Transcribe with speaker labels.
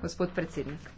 Speaker 1: gospod predsednik.